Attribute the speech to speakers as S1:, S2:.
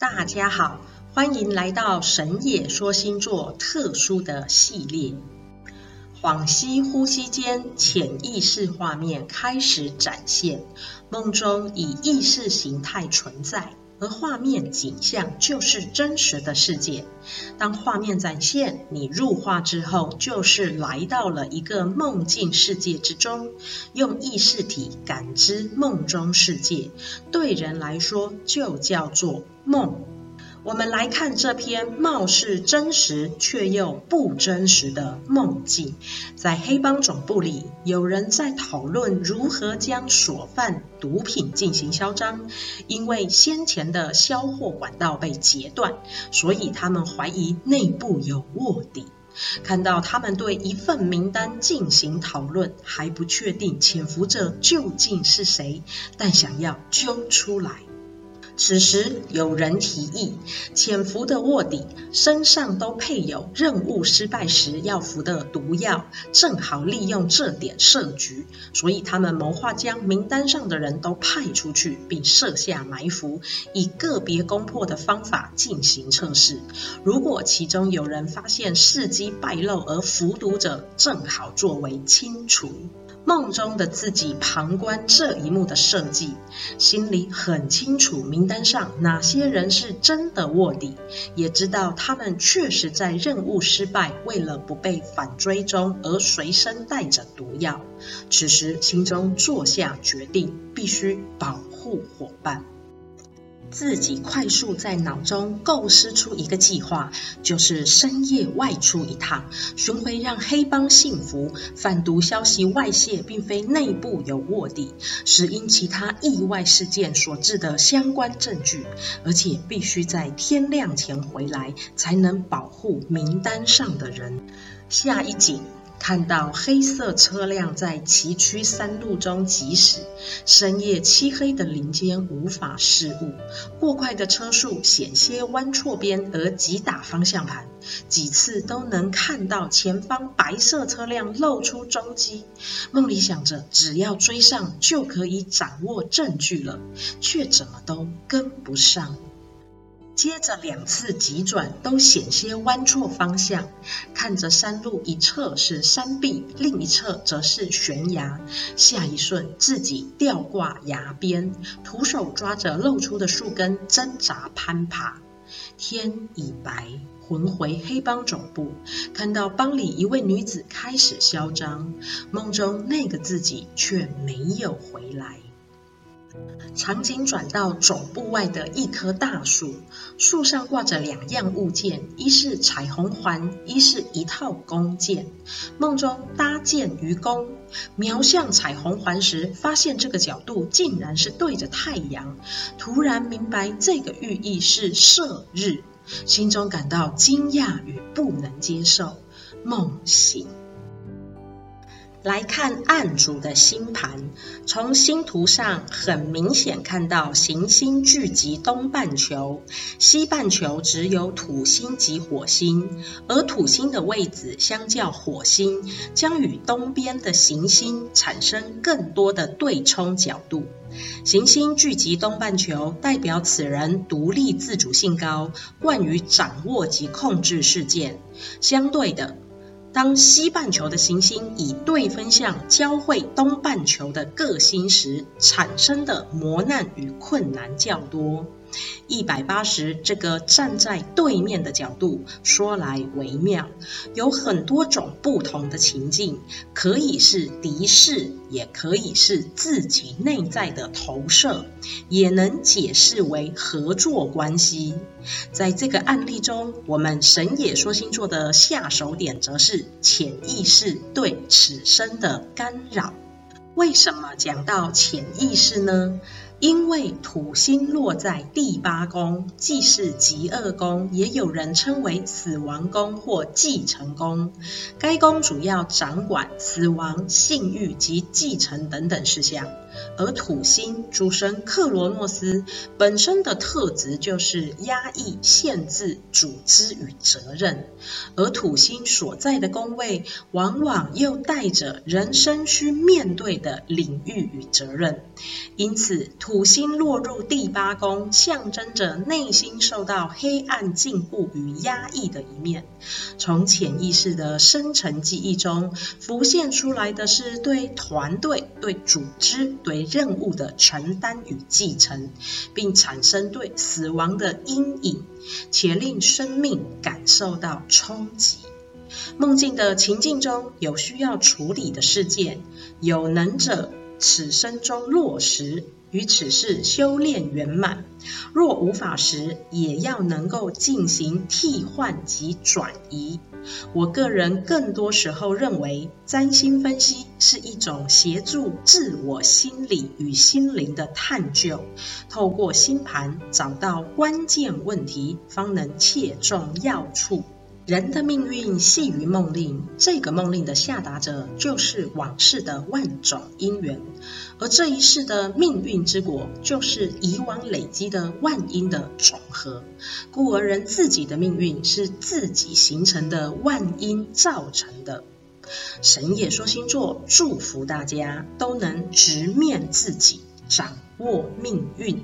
S1: 大家好，歡迎來到神野說星座特殊的系列。恍兮惚兮間，潛意識畫面開始展現，夢中以意識形態存在。而畫面景象就是真實的世界。當畫面展現你入畫之後，就是來到了一個夢境世界之中，用意識體感知夢中世界，對人來說就叫做夢。我們來看這篇貌似真實卻又不真實的夢境。在黑幫總部裡，有人在討論如何將所販毒品進行銷贓，因為先前的銷貨管道被截斷，所以他們懷疑內部有臥底。看到他們對一份名單進行討論，還不確定潛伏者究竟是誰，但想要揪出來。此時有人提議，潛伏的臥底身上都配有任務失敗時要服的毒藥，正好利用這點設局，所以他們謀劃將名單上的人都派出去，並設下埋伏，以個別攻破的方法進行測試。如果其中有人發現事機敗露，而服毒者正好作為清除。夢中的自己旁觀這一幕的設計，心裡很清楚名單上哪些人是真的臥底，也知道他們確實在任務失敗，為了不被反追蹤而隨身帶着毒藥。此時心中做下決定，必須保護夥伴。自己快速在腦中構思出一個計劃，就是深夜外出一趟，尋回讓黑幫信服，販毒消息外泄並非內部有臥底，是因其他意外事件所致的相關證據，而且必須在天亮前回來，才能保護名單上的人。下一集。看到黑色車輛在崎嶇山路中疾駛，深夜漆黑的林間無法視物，過快的車速險些彎錯邊而急打方向盤，幾次都能看到前方白色車輛露出蹤跡。夢裡想着只要追上就可以掌握證據了，卻怎麼都跟不上。接着兩次急轉都險些彎錯方向，看着山路一側是山壁，另一側則是懸崖。下一瞬，自己吊掛崖邊，徒手抓着露出的樹根掙扎攀爬。天已白，魂回黑幫總部，看到幫裡一位女子開始囂張，夢中那個自己卻沒有回來。場景轉到總部外的一棵大樹，樹上掛着兩樣物件，一是彩虹環，一是一套弓箭。夢中搭箭於弓，瞄向彩虹環時，發現這個角度竟然是對着太陽，突然明白這個寓意是射日，心中感到驚訝與不能接受，夢醒。來看案主的星盤，從星圖上很明顯看到行星聚集東半球，西半球只有土星及火星，而土星的位置相較火星，將與東邊的行星產生更多的對沖角度。行星聚集東半球，代表此人獨立自主性高，慣於掌握及控制事件。相對的。當西半球的行星以對分相交匯東半球的個星時，產生的磨難與困難較多。一百八十這個站在對面的角度說來微妙，有很多種不同的情境，可以是敵視，也可以是自己內在的投射，也能解釋為合作關係。在這個案例中，我們神也說星座的下手點則是潛意識對此生的干擾。為什麼講到潛意識呢？因為土星落在第八宮，既是極惡宮，也有人稱為死亡宮或繼承宮。該宮主要掌管死亡、性欲及繼承等等事項。而土星主神克羅諾斯本身的特質就是壓抑、限制、組織與責任，而土星所在的宮位往往又帶着人生需面對的領域與責任，因此土。土星落入第八宮，象徵着內心受到黑暗禁錮與壓抑的一面。從潛意識的深層記憶中浮現出來的是對團隊、對組織、對任務的承擔與繼承，並產生對死亡的陰影，且令生命感受到衝擊。夢境的情境中有需要處理的事件，有能者此生中落實。與此事修煉圓滿，若無法時，也要能夠進行替換及轉移。我個人更多時候認為，占星分析是一種協助自我心理與心靈的探究，透過星盤找到關鍵問題，方能切中要處。人的命運繫於夢令，這個夢令的下達者就是往事的萬種因緣，而這一世的命運之果就是以往累積的萬因的總和。故而人自己的命運是自己形成的萬因造成的。神野說星座祝福大家都能直面自己，掌握命運。